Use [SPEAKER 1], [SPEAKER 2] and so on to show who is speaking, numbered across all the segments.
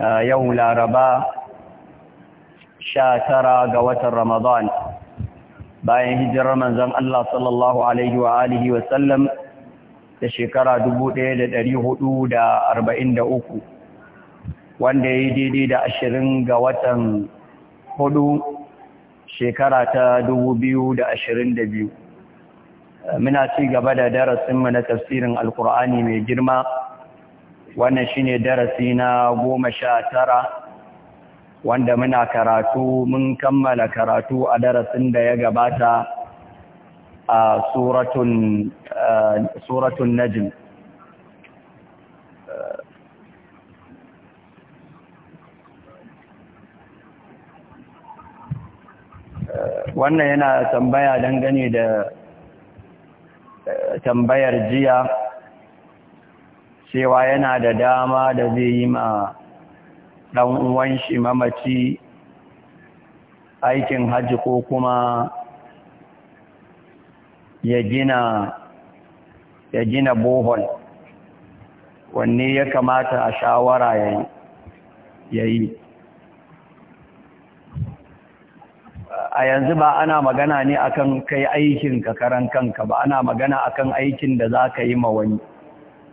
[SPEAKER 1] yau laraba sha tara ga watan ramadan bayan hijirar manzon Allah sallallahu alaihi wa alihi wa sallam da shekara 1443 wanda ya yi daidai da ashirin ga watan hudu shekara ta biyu. muna ci gaba da darasinmu na tafsirin alkur'ani mai girma wannan shi ne darasi na goma sha tara wanda muna karatu mun kammala karatu a darasin da ya gabata a suratun eh, najin eh, wannan yana tambaya dangane da eh, tambayar jiya cewa yana da dama da zai yi ma ɗan uwan shi mamaci aikin hajji ko kuma ya gina ya gina bohol wanne ya kamata a shawara ya yi a yanzu ba ana magana ne akan kai aikin ka karan kanka ba ana magana akan aikin da za ka yi ma wani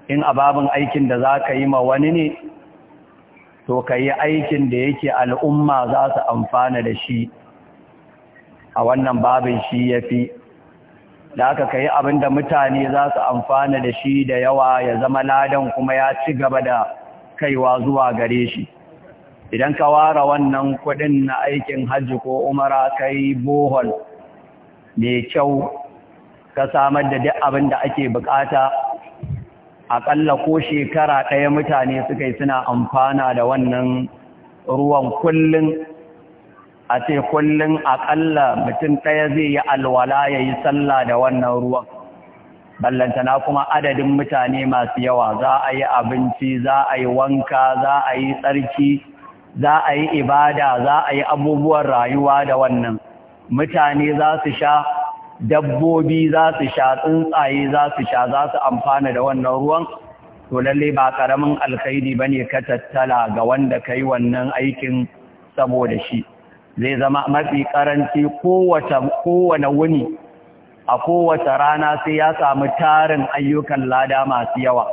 [SPEAKER 1] in a babin aikin da za ka yi ma wani ne to ka yi aikin da yake al'umma za su amfana da shi a wannan babin shi ya fi da aka ka yi abin da mutane za su amfana da shi da yawa ya zama ladan kuma ya ci gaba da kaiwa zuwa gare shi idan ka ware wannan kudin na aikin hajji ko umara ka yi bohol mai kyau ka samar da duk abin da ake bukata aƙalla ko shekara ɗaya mutane suka yi suna amfana da wannan ruwan kullum a ce kullum aƙalla mutum ɗaya zai yi alwala ya yi sallah da wannan ruwan ballantana kuma adadin mutane masu yawa za a yi abinci za a yi wanka za a yi tsarki za a yi ibada za a yi abubuwan rayuwa da wannan mutane za su sha dabbobi za su sha tsuntsaye za su sha za su amfana da wannan ruwan to lalle ba karamin alkhairi bane ka tattala ga wanda kai wannan aikin saboda shi zai zama mafi karanci kowace kowane wuni a kowace rana sai ya samu tarin ayyukan lada masu yawa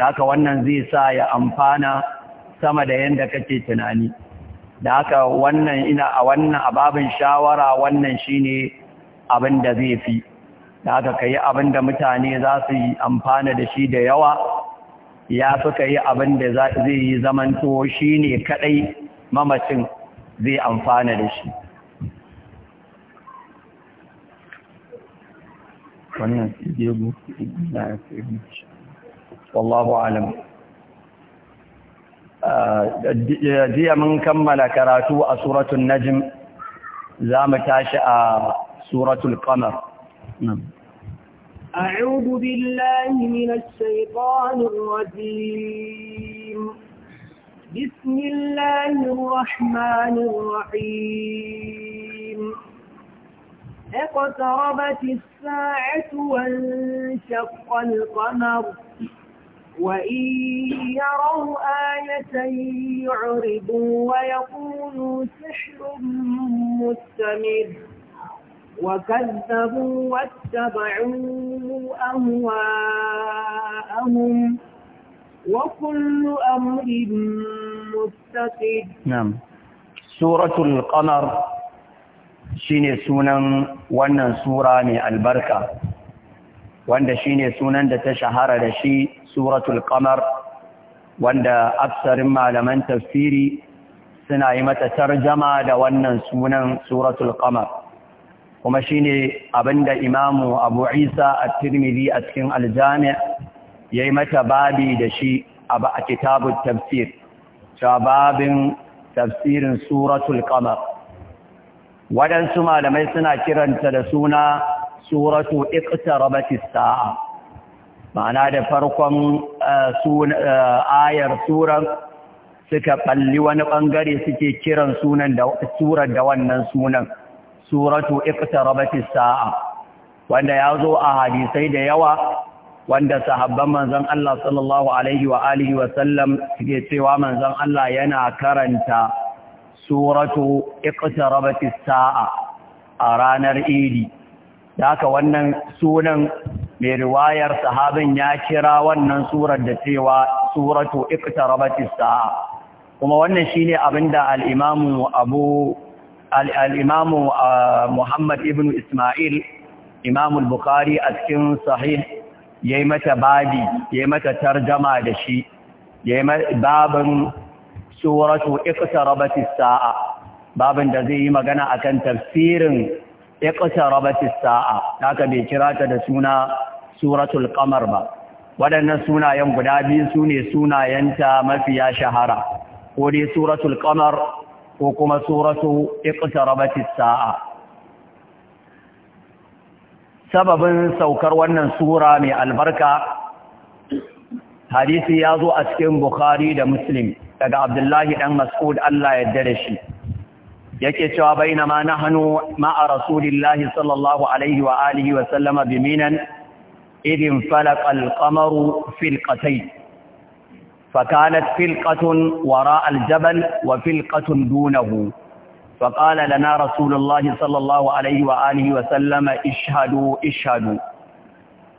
[SPEAKER 1] da haka wannan zai sa ya amfana sama da yadda kake tunani da haka wannan ina a wannan ababin shawara wannan shine abin da zai fi da aka ka yi abin da mutane za su yi amfana da shi da yawa ya fi ka yi abin da zai yi zamanto shi ne kaɗai mamacin zai amfana da shi wannan gego na wallahu alam ah, jiya mun kammala karatu a suratun najm za mu tashi a سورة القمر نعم أعوذ بالله من الشيطان الرجيم بسم الله الرحمن الرحيم اقتربت الساعة وانشق القمر وإن يروا آية يعرضوا ويقولوا سحر مستمر وكذبوا واتبعوا أهواءهم وكل أمر مستقد نعم سورة القمر shine sunan wannan sura mai albarka wanda shine sunan da ta shahara da shi suratul wanda aksarin malaman tafsiri suna yi mata tarjama da wannan sunan suratul qamar kuma shine abinda imamu abu isa a tirmidhi a cikin aljami ya yi mata babi da shi a kitabun tafsir cewa babin tafsirin suratul kamar waɗansu malamai suna kiranta da suna suratu iqtarabatis sa'a ma'ana da farkon eh, eh, ayar suran suka ɓalli wani ɓangare suke kiran sunan da surar da wannan sunan suratu iqtarabatis sa'a wanda ya zo a hadisai da yawa wanda sahabban manzon Allah sallallahu alaihi wa alihi wa sallam suke cewa manzon Allah yana karanta suratu iqtarabatis sa'a a ranar idi da haka wannan sunan mai riwayar sahabin ya kira wannan surar da cewa suratu iqtarabatis sa'a kuma wannan shine abinda al-imamu Abu al'imamu uh, Muhammad Ibnu Ismail, imamul Bukhari a cikin sahih ya yi mata babi, ya yi mata tarjama da shi, ya yi babin suratu iqtarabatis babin da zai yi magana akan tafsirin iqtarabatis sa'a, haka bai kirata da suna suratul ba. Waɗannan sunayen guda biyu su ne sunayenta mafiya shahara, ko dai suratul qamar ko kuma suratu iqtarabatis sa'a sababin saukar wannan sura mai albarka hadisi ya zo a cikin bukhari da muslim daga abdullahi dan mas'ud Allah ya da shi yake cewa bainama nahnu ma'a rasulillahi sallallahu alaihi wa alihi wa sallama biminan idin falaqa qamaru fil فكانت فلقة وراء الجبل وفلقة دونه فقال لنا رسول الله صلى الله عليه وآله وسلم اشهدوا اشهدوا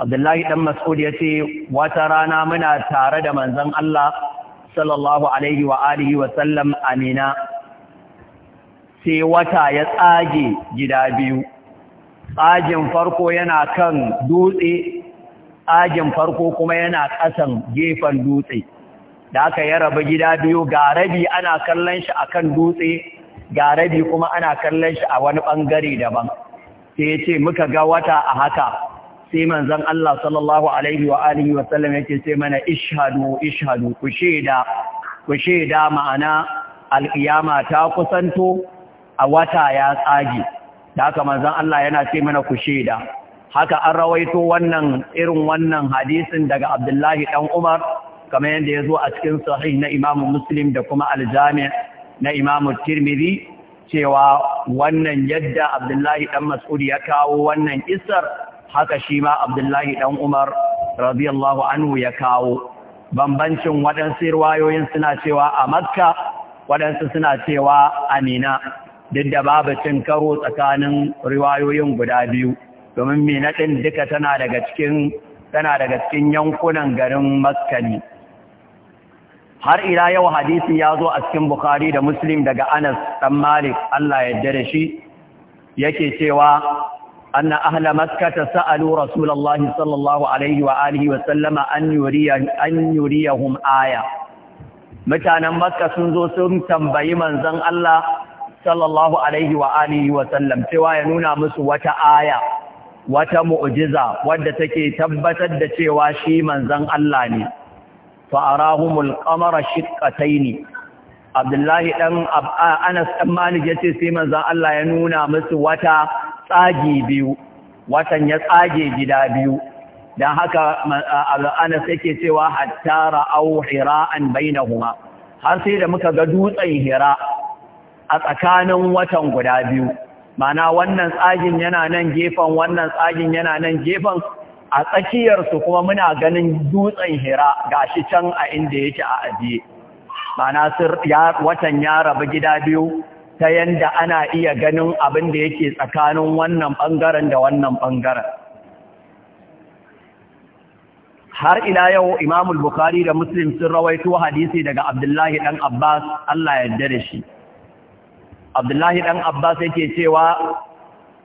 [SPEAKER 1] عبد الله بن مسعود يتي وترانا منا تاره da manzon Allah sallallahu alaihi wa wa sallam amina sai wata ya tsage gida biyu tsagin farko yana kan dutse farko kuma yana ƙasan gefen dutse da aka yi raba gida biyu ga rabi ana kallon shi akan dutse ga rabi kuma ana kallon shi a wani bangare daban sai ya ce muka ga wata a haka sai manzon Allah sallallahu alaihi wa alihi wa sallam yake ce mana ishhadu ishhadu ku sheda ku sheda ma'ana alqiyama ta kusanto a wata ya tsage da haka manzon Allah yana ce mana ku sheda haka an rawaito wannan irin wannan hadisin daga Abdullahi dan Umar kamar yadda ya zo a cikin sahih na imamu muslim da kuma aljami na imamu tirmidhi cewa wannan yadda abdullahi dan mas'ud ya kawo wannan isar haka shi ma abdullahi dan umar radiyallahu anhu ya kawo bambancin waɗansu riwayoyin suna cewa a makka waɗansu suna cewa a mina duk da babu cin karo tsakanin riwayoyin guda biyu domin mina ɗin duka tana daga cikin tana daga cikin yankunan garin maskani har ila yau hadisi ya zo a cikin Bukhari da Muslim daga Anas ɗan Malik Allah ya da shi yake cewa anna ahla makkata sa'alu Rasulullah sallallahu alaihi wa alihi wa sallama an yuriya an yuriyahum aya mutanen makka sun zo sun tambayi manzon Allah sallallahu alaihi wa alihi wa sallam cewa ya nuna musu wata aya wata mu'jiza wadda take tabbatar da cewa shi manzon Allah ne fa'arahumul qamara ne. Abdullahi dan Anas dan Malik yace sai manzan Allah ya nuna musu wata tsagi biyu watan ya tsage gida biyu dan haka Anas yake cewa hatta an hira'an bainahuma har sai da muka ga dutsen hira a tsakanin watan guda biyu mana wannan tsagin yana nan gefen wannan tsagin yana nan gefen a tsakiyarsu kuma muna ganin dutsen hira gashi can a inda yake a ajiye mana watan ya rabu gida biyu ta yanda ana iya ganin abin da yake tsakanin wannan ɓangaren da wannan ɓangaren har ila yau imamul bukhari da muslim sun rawaito hadisi daga abdullahi ɗan abbas allah yarda da shi abdullahi ɗan abbas yake cewa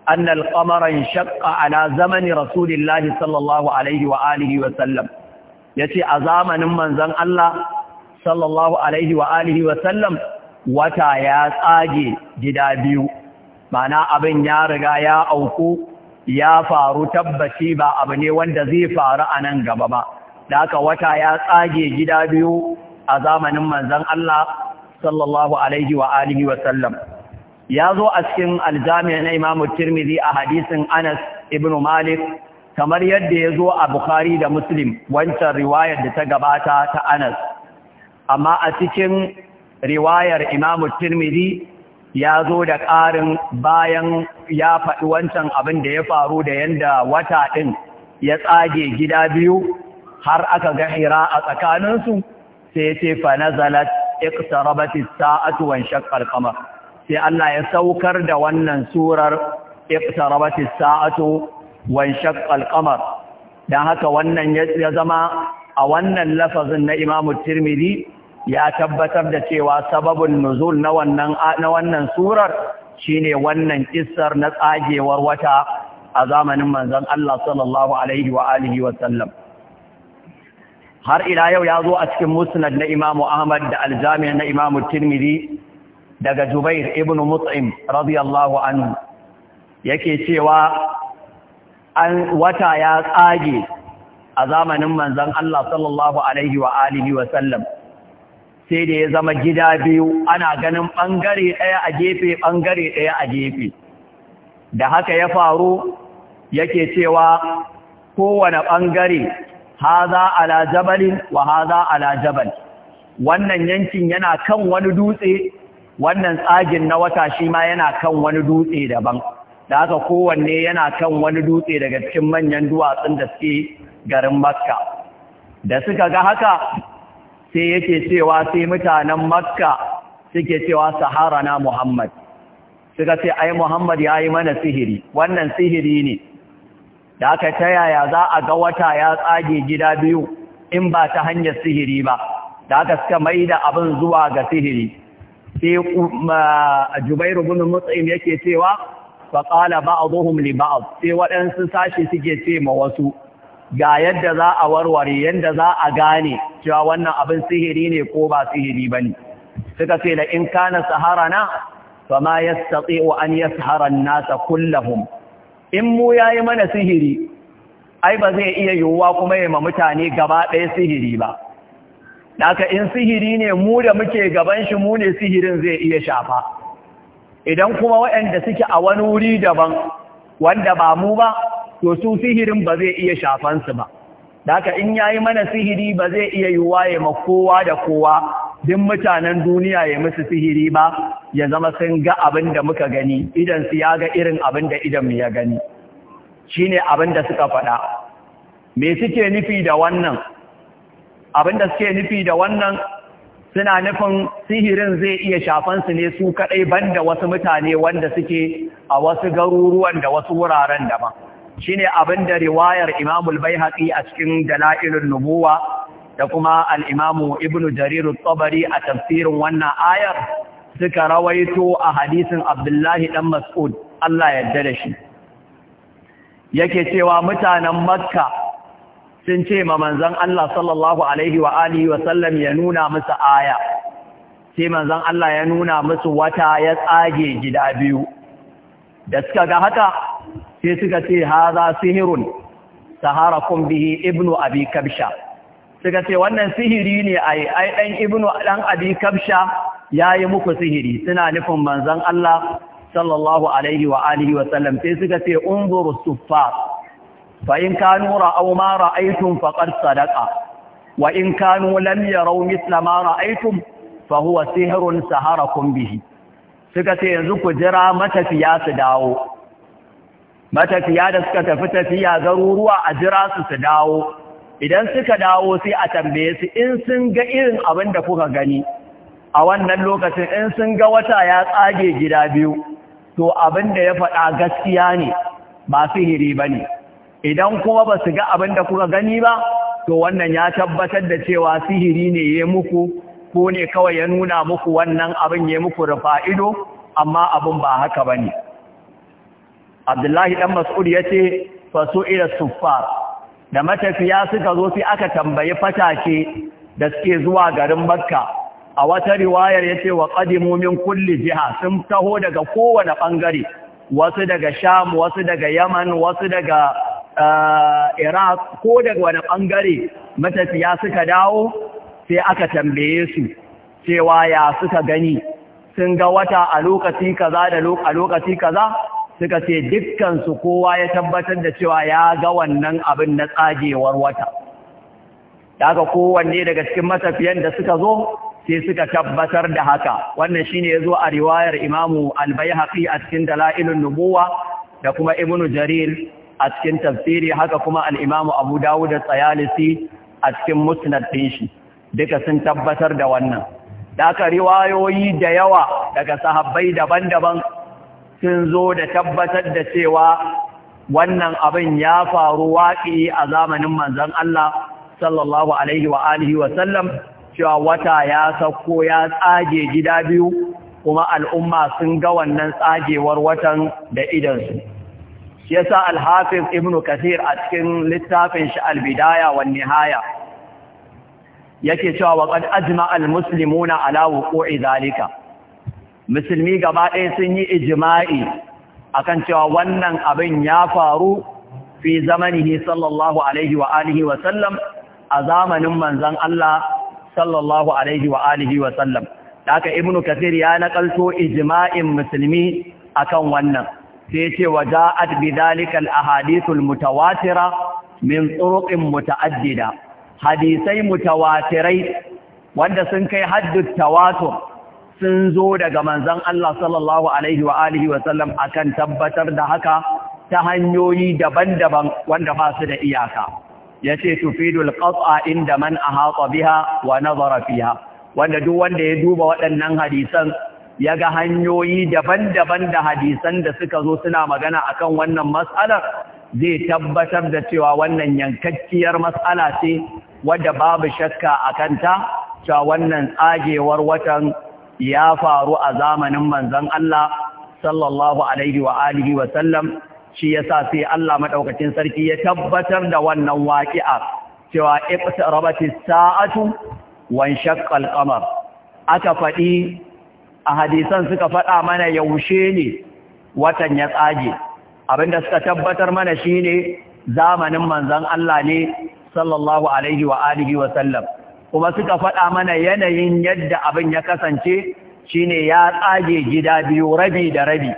[SPEAKER 1] أن القمر انشق على زمن رسول الله صلى الله عليه وآله وسلم يتي أزامن من زن الله صلى الله عليه وآله وسلم wata ya tsage gida biyu mana abin ya riga ya auku ya faru tabbaci ba abu ne wanda zai faru a nan gaba ba da aka wata ya tsage gida biyu a zamanin manzon Allah sallallahu alaihi wa sallam ya zo a cikin aljami na imamu tirmidhi a hadisin anas ibn malik kamar yadda ya zo a bukhari da muslim wancan riwayar da ta gabata ta anas amma a cikin riwayar imamu tirmidhi ya zo da ƙarin bayan ya faɗi wancan abin da ya faru da yadda wata ɗin ya tsage gida biyu har aka ga hira a tsakaninsu sai ce fa nazalat iqtarabatis sa'atu wan shaqqal sai Allah ya saukar da wannan surar iqtarabatis sa'atu wan shaqqal qamar dan haka wannan ya zama a wannan lafazin na Imam Tirmidhi ya tabbatar da cewa sababun nuzul na wannan na wannan surar shine wannan kissar na tsagewar wata a zamanin manzon Allah sallallahu alaihi wa alihi wa sallam har ila yau ya zo a cikin musnad na Imam Ahmad da aljamia na Imam Tirmidhi daga Jubair ibn Mut'im radiyallahu anhu yake cewa an wata ya tsage a zamanin manzon Allah sallallahu alaihi wa alihi wa sallam sai da ya zama gida biyu ana ganin bangare daya a gefe bangare daya a gefe da haka ya faru yake cewa kowane bangare haza ala jabalin wa haza ala jabal wannan yankin yana kan wani dutse wannan tsagin na wata shi ma yana kan wani dutse daban da haka kowanne yana kan wani dutse daga cikin manyan duwatsun da suke garin makka da suka ga haka sai yake cewa sai mutanen makka suke cewa sahara na muhammad suka ce ai muhammad ya yi mana sihiri wannan sihiri ne da aka ta yaya za a ga wata ya tsage gida biyu in ba ta hanyar sihiri ba da aka suka mai da abin zuwa ga sihiri sai Jubairu bin Mut'im yake cewa fa qala ba'dhum li ba'd sai waɗansu sashi suke ce ma wasu ga yadda za a warware yadda za a gane cewa wannan abin sihiri ne ko ba sihiri bane suka ce la in kana saharana fama yastati'u an yashara an kulla hum.' in mu yayi mana sihiri ai ba zai iya yiwuwa kuma yayi ma mutane gaba ɗaya sihiri ba Daka in sihiri ne mu da muke gaban shi mu ne sihirin zai iya shafa. Idan kuma waɗanda suke a wani wuri daban wanda ba mu ba, to su sihirin ba zai iya shafansu ba. Daka in yayi mana sihiri ba zai iya yiwuwa ya ma kowa da kowa duk mutanen duniya ya musu sihiri ba ya zama sun ga abin da muka gani idan su ya ga irin abin da idan mu ya gani. Shine abin da suka faɗa. Me suke nufi da wannan? abinda suke nufi da wannan suna nufin sihirin zai iya shafansu ne su kaɗai da wasu mutane wanda suke a wasu garuruwan da wasu wuraren daban shi ne abinda riwayar imamul bai a cikin dala'ilun nubuwa da kuma al'imamu ibn jariru tsabari a tafsirin wannan ayar suka rawaito a hadisin abdullahi ɗan mas'ud Allah yadda da shi yake cewa mutanen makka sun ce ma manzan Allah sallallahu alaihi wa alihi wa sallam ya nuna musu aya sai manzan Allah ya nuna musu wata ya tsage gida biyu da suka ga haka sai suka ce haza sihirun saharakum bihi ibnu abi kabsha suka ce wannan sihiri ne ai ai dan ibnu dan abi kabsha yayi muku sihiri suna nufin manzon Allah sallallahu alaihi wa alihi sallam sai suka ce unzuru suffar فإن كانوا faƙar sadaka. Wa فقد صدق وإن كانوا لم يروا مثل ما رأيتم فهو سحر سهركم به سكت ينزك جرى متفيا سداو matafiya da suka tafi tafiya garuruwa a jira su su dawo idan suka dawo sai a tambaye su in sun ga irin abin da kuka gani a wannan lokacin in sun ga wata ya tsage gida biyu to abin da ya faɗa gaskiya ne ba hiri ba ne idan kuma ba su ga abin da kuka gani ba to wannan ya tabbatar da cewa sihiri ne ya muku ko ne kawai ya nuna muku wannan abin ya muku rufa ido amma abin ba haka ba ne abdullahi ɗan mas'ud ya ce faso ila suffar da matafiya suka zo sai aka tambayi fatake da suke zuwa garin makka a wata riwayar ya ce wa ƙadimu min kulli jiha sun taho daga kowane ɓangare wasu daga sham wasu daga yaman wasu daga Eh, Iraq ko daga wani ɓangare matafiya suka dawo sai aka tambaye su cewa ya suka gani sun ga wata a lokaci kaza da a lokaci kaza suka ce dukkansu kowa ya tabbatar da cewa ya ga wannan abin na tsagewar wata. Daga kowanne daga cikin matafiyan da suka zo sai suka tabbatar da haka. Wannan shine ne ya zo a riwayar Imamu Albayhaqi a cikin Dala'ilun Nubuwa da kuma Ibnu Jarir a cikin tafsiri haka kuma al'imamu abu dawo da tsayalisi a cikin musnad ɗin shi duka sun tabbatar da wannan daga riwayoyi da yawa daga sahabbai daban-daban sun zo da tabbatar da cewa wannan abin ya faru waƙi a zamanin manzon Allah sallallahu alaihi wa alihi cewa wata ya sauko ya tsage gida biyu kuma al'umma sun ga wannan tsagewar watan da idansu yasa al ibn kathir a cikin littafin shi albidaya bidaya nihaya yake cewa wa qad ajma al-muslimuna ala wuqu'i zalika musulmi gaba ɗaya sun yi ijma'i akan cewa wannan abin ya faru fi zamanihi sallallahu alaihi wa alihi wa sallam a zamanin manzon Allah sallallahu alaihi wa alihi wa sallam haka ibnu kathir ya nakalto ijma'in musulmi akan wannan sai ce wa ja'at bi zalikal ahadithul mutawatira min turuqin muta'addida hadisai mutawatirai wanda sun kai haddut tawatur sun zo daga manzon Allah sallallahu alaihi wa alihi wa sallam akan tabbatar da haka ta hanyoyi daban-daban wanda ba su da iyaka yace tufidul qat'a inda man ahata biha wa nazara fiha wanda duk wanda ya duba waɗannan hadisan ya ga hanyoyi daban-daban da hadisan da suka zo suna magana akan wannan matsalar zai tabbatar da cewa wannan yankakkiyar matsala ce wadda babu shakka a kanta cewa wannan tsagewar watan ya faru a zamanin manzon Allah sallallahu alaihi wa alihi wa sallam shi yasa sai Allah madaukakin sarki ya tabbatar da wannan waqi'a cewa iqtarabatis sa'atu wa shaqqa al-qamar aka faɗi a hadisan suka faɗa mana yaushe ne watan ya tsage abinda suka tabbatar mana shine zamanin manzan Allah ne sallallahu alaihi wa alihi wa sallam kuma suka faɗa mana yanayin yadda abin ya kasance shine ya tsage gida biyu rabi da rabi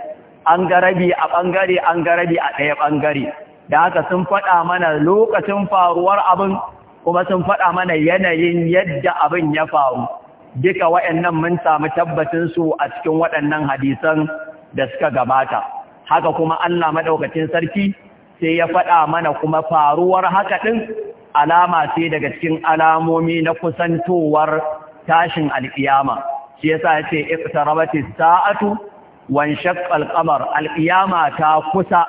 [SPEAKER 1] an ga rabi a ɓangare an ga rabi a ɗaya ɓangare da haka sun faɗa mana lokacin faruwar abin kuma sun faɗa mana yanayin yadda abin ya faru duka waɗannan mun samu tabbacin su a cikin waɗannan hadisan da suka gabata haka kuma Allah madaukakin sarki sai ya faɗa mana kuma faruwar haka din alama sai daga cikin alamomi na kusantowar tashin alkiyama shi yasa yace iqtarabati sa'atu wan shaqqal qamar alkiyama ta kusa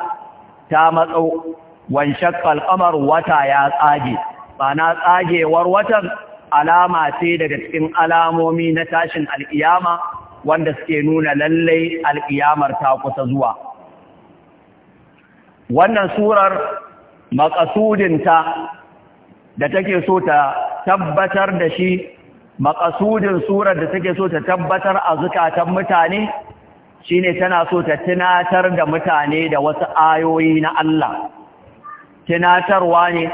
[SPEAKER 1] ta matso wan shaqqal qamar wata ya tsage ba tsagewar watan alama ce daga cikin alamomi na tashin al'iyama wanda suke nuna lallai al'iyamar ta kusa zuwa. Wannan surar makasudinta da take so ta tabbatar da shi, makasudin surar da take so ta tabbatar a zukatan mutane, shi tana so ta tunatar da mutane da wasu ayoyi na Allah. Tunatarwa ne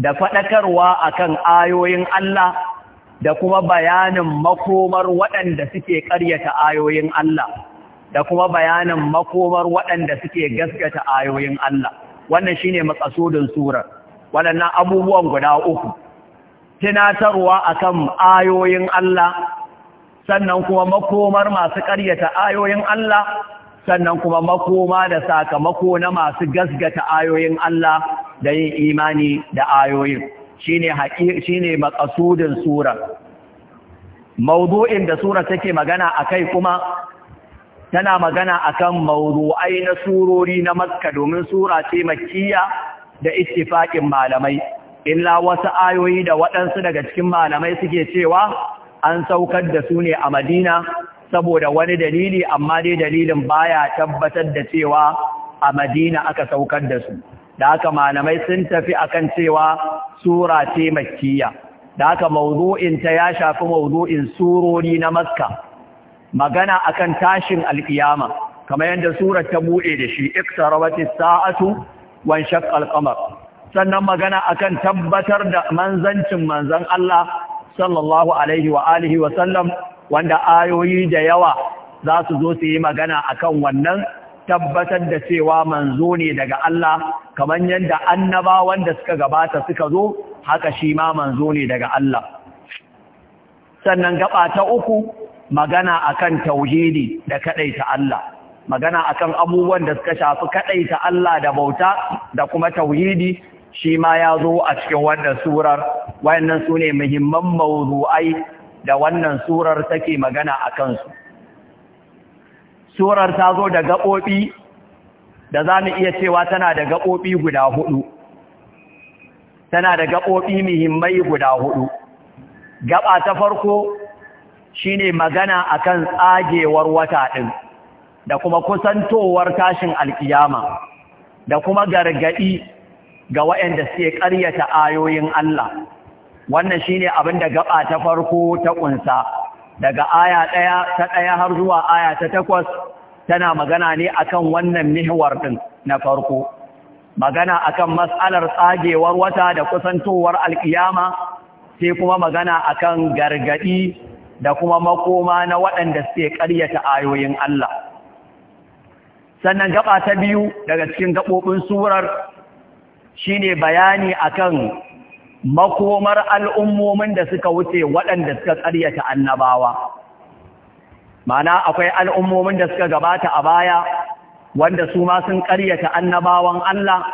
[SPEAKER 1] da faɗakarwa akan ayoyin Allah da kuma bayanin makomar waɗanda suke ƙaryata ayoyin Allah da kuma bayanin makomar waɗanda suke gaskata ayoyin Allah wannan shine makasudin surar waɗannan abubuwan guda uku tunatarwa akan ayoyin Allah sannan kuma makomar masu ƙaryata ayoyin Allah sannan kuma makoma da sakamako na masu gasgata ayoyin Allah da yin imani da ayoyin shine shine maqasudin sura mawdu'in da sura take magana akai kuma tana magana akan mawdu'ai na surori na Makka domin sura ce makkiya da ittifaqin malamai illa wasu ayoyi da waɗansu daga cikin malamai suke cewa an saukar da su ne a Madina saboda wani dalili amma dai dalilin baya tabbatar da cewa a Madina aka saukar da su da malamai sun tafi akan cewa sura ce makkiya da mawdu'in ta ya shafi mawdu'in surori na Maska, magana akan tashin alkiyama kamar yadda surar ta bude da shi iktarabatis sa'atu wan shaqqal sannan magana akan tabbatar da manzancin manzon Allah sallallahu alaihi wa alihi wa sallam wanda ayoyi da yawa za su zo su yi magana akan wannan tabbatar da cewa manzo ne daga Allah kamar yadda annaba wanda suka gabata suka zo haka shi ma manzo ne daga Allah sannan gaba ta uku magana akan tauhidi da kadaita Allah magana akan abubuwan da suka shafi kadaita Allah da bauta da kuma tauhidi shi ma ya zo a cikin wannan surar wayannan sune muhimman mawdu'ai da wannan surar take magana a kansu. Surar ta zo da gaɓoɓi da za mu iya cewa tana da gaɓoɓi guda hudu. Tana da gaɓoɓi muhimmai guda hudu. Gaɓa ta farko shi ne magana a kan tsagewar wata ɗin da kuma kusantowar tashin alƙiyama da kuma gargaɗi ga waɗanda suke ƙaryata ayoyin Allah. wannan shine abin da gaba ta farko ta kunsa daga aya ɗaya ta ɗaya har zuwa aya ta takwas tana magana ne akan wannan mihwar ɗin na farko magana akan mas'alar tsagewar wata da kusantowar alkiyama sai kuma magana akan gargaɗi da kuma makoma na waɗanda suke ƙaryata ayoyin Allah sannan gaba ta biyu daga cikin gaɓoɓin surar shine bayani akan makomar al'ummomin da suka wuce waɗanda suka ƙaryata annabawa. Mana akwai al'ummomin da suka gabata a baya wanda su ma sun ƙaryata annabawan Allah,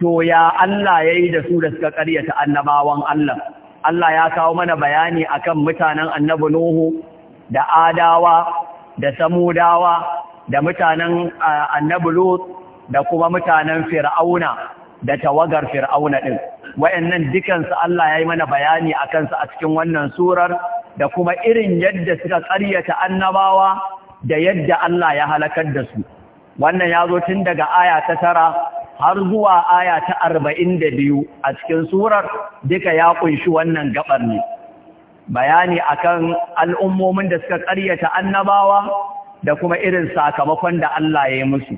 [SPEAKER 1] to ya Allah ya yi da su da suka ƙaryata annabawan Allah. Allah ya kawo mana bayani a kan mutanen annabu Nuhu da Adawa da Samudawa da mutanen annabu Lut da kuma mutanen Fir'auna. da tawagar fir'auna din wayannan dukansu Allah ya yi mana bayani akan su a cikin wannan surar da kuma irin yadda suka ƙaryata annabawa da yadda Allah ya halakar da su wannan ya zo tun daga aya ta tara har zuwa aya ta arba'in da biyu a cikin surar duka ya kunshi wannan gabar ne bayani akan al'ummomin da suka ƙaryata annabawa da kuma irin sakamakon da Allah ya yi musu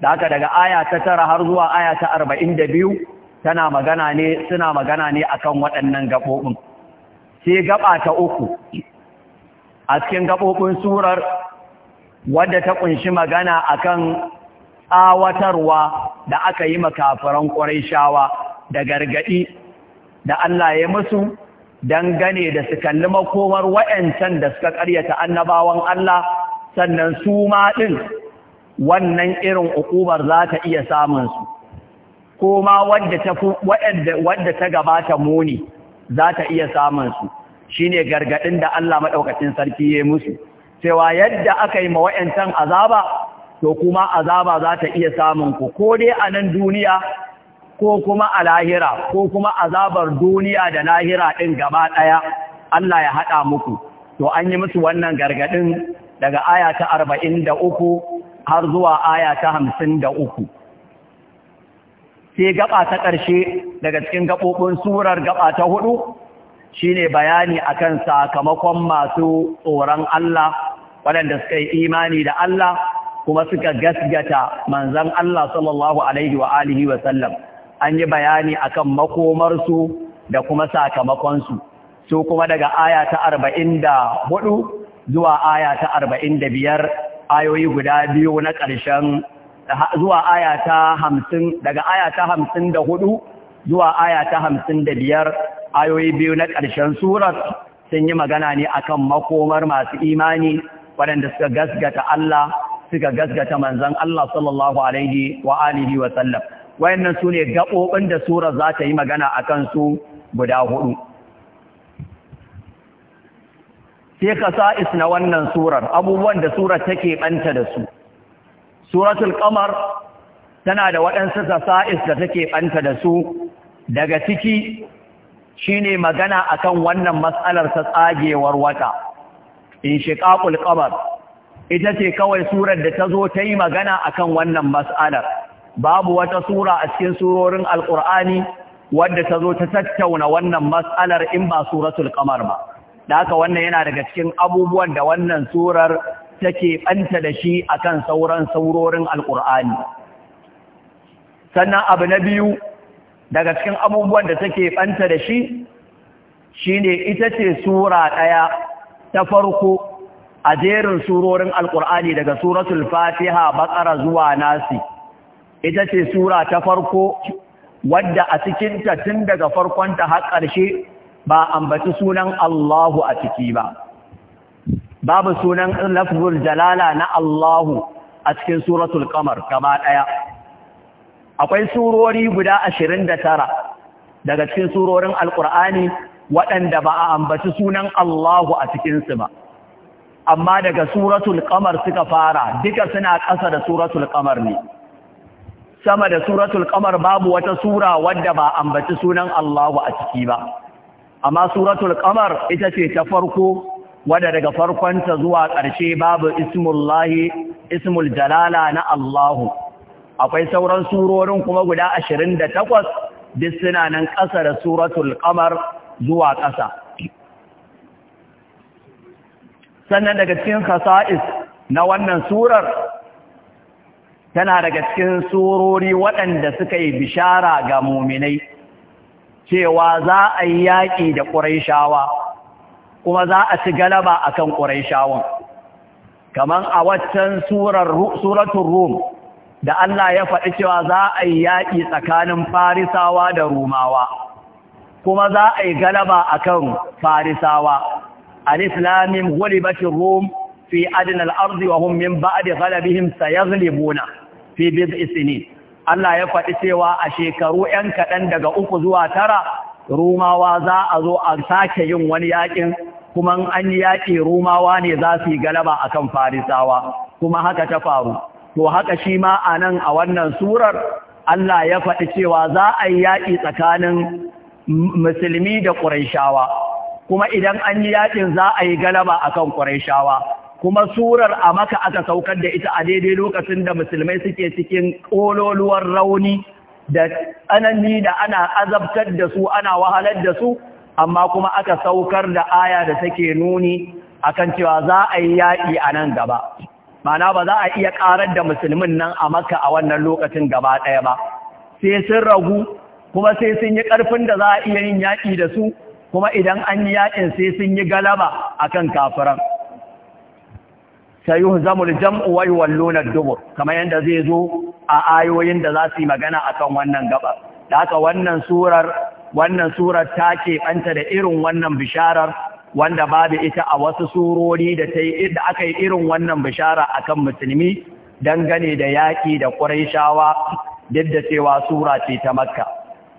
[SPEAKER 1] da haka daga aya ta tara har zuwa aya ta arba'in da biyu tana magana ne suna magana ne akan waɗannan gaɓoɓin sai gaɓa ta uku a cikin gaɓoɓin surar wadda ta ƙunshi magana akan tsawatarwa da aka yi ƙwarai shawa da gargaɗi da Allah ya musu dangane da su kalli makomar wa'yancan da suka ƙaryata annabawan Allah sannan su ma ɗin wannan irin ukubar za ta iya samunsu ko ma wadda ta gabata muni za ta iya samunsu shi ne gargaɗin da Allah maɗaukacin sarki ya musu cewa yadda aka yi ma wa'yancan azaba to kuma azaba za ta iya ku. ko dai a nan duniya ko kuma a lahira ko kuma azabar duniya da lahira ɗin gaba ɗaya Allah ya haɗa muku to an yi musu wannan gargaɗin daga aya ta arba'in da uku har zuwa aya ta hamsin da uku sai gaba ta ƙarshe daga cikin gaɓoɓin surar gaba ta hudu shine bayani a kan sakamakon masu tsoron Allah waɗanda suka yi imani da Allah kuma suka gasgata manzan Allah sallallahu alaihi wa alihi wa an yi bayani a kan makomarsu da kuma sakamakonsu su kuma daga aya ta arba'in da hudu zuwa aya ta arba'in da biyar ayoyi guda biyu na ƙarshen zuwa aya ta hamsin daga aya ta hamsin da hudu zuwa aya ta hamsin da biyar ayoyi biyu na ƙarshen surar sun yi magana ne akan makomar masu imani waɗanda suka gasgata Allah suka gasgata manzan Allah sallallahu alaihi wa alihi wa sallam wayannan su ne gaɓoɓin da surar za ta yi magana a kansu guda hudu sai kasa'is na wannan surar abubuwan da surar take ɓanta da su suratul qamar tana da waɗansu kasa'is da take ɓanta da su daga ciki shine magana akan wannan mas'alar ta tsagewar wata in inshiqaqul qamar ita ce kawai surar da ta zo ta magana akan wannan mas'alar. babu wata sura a cikin surorin alqur'ani wadda ta zo ta tattauna wannan mas'alar in ba suratul qamar ba da haka wannan yana daga cikin abubuwan da wannan surar take ɓanta da shi akan sauran saurorin alƙur'ani sannan abu na biyu daga cikin abubuwan da take ɓanta da shi shine ita ce sura ɗaya ta farko a jerin surorin alƙur'ani daga suratul fatiha baƙara zuwa nasi ita ce sura ta farko wadda a cikinta tun daga farkonta har ƙarshe ba ambaci sunan Allahu a ciki ba babu sunan lafzul jalala na Allahu a cikin suratul qamar gaba daya akwai surori guda 29 daga cikin surorin alqur'ani waɗanda ba a ambaci sunan Allahu a cikin su ba amma daga suratul qamar suka fara duka suna ƙasa da suratul qamar ne sama da suratul qamar babu wata sura wadda ba ambaci sunan Allahu a ciki ba amma suratul qamar ita ce ta farko wadda daga farkonta zuwa ƙarshe babu ismullahi ismul jalala na Allahu akwai sauran surorin kuma guda 28 duk suna nan ƙasa da suratul qamar zuwa ƙasa sannan daga cikin khasa'is na wannan surar tana daga cikin surori waɗanda suka yi bishara ga muminai cewa za a yi yaƙi da ƙuraishawa kuma za a ci galaba a kan ƙuraishawan kamar a waccan suratun rum da Allah ya faɗi cewa za a yi yaƙi tsakanin farisawa da rumawa kuma za a yi galaba a kan farisawa al-islamin gulibatin rum fi adinal arzi wa hun min ba'adi galabihim sayazlibuna fi Allah ya faɗi cewa a shekaru ‘yan kaɗan daga uku zuwa tara, Rumawa za a zo a sake yin wani yaƙin, kuma an yi yaƙi Rumawa ne za su yi galaba a kan Farisawa, kuma haka ta faru. To haka shi ma a nan a wannan surar, Allah ya faɗi cewa za a yi yaƙi tsakanin musulmi da ƙuraishawa, kuma idan an yi yaƙin za a yi galaba a kan ƙuraishawa. kuma surar a maka aka saukar da ita a daidai lokacin da musulmai suke cikin ƙololuwar rauni da tsanani da ana azabtar da su ana wahalar da su amma kuma aka saukar da aya da take nuni akan cewa za a yi yaƙi a nan gaba mana ba za a iya ƙarar da musulmin nan a maka a wannan lokacin gaba ɗaya ba sai sun ragu kuma sai sun yi ƙarfin da za a iya yin yaƙi da su kuma idan an yi yaƙin sai sun yi galaba akan kafiran sayuhzamu zamul jamu wa yuwalluna dubur kamar yanda zai zo a ayoyin da za su yi magana akan wannan gaba da haka wannan surar wannan surar ta ke banta da irin wannan bisharar wanda babu ita a wasu surori da ta da aka yi irin wannan bishara akan musulmi dangane da yaƙi da Qurayshawa duk da cewa sura ce ta Makka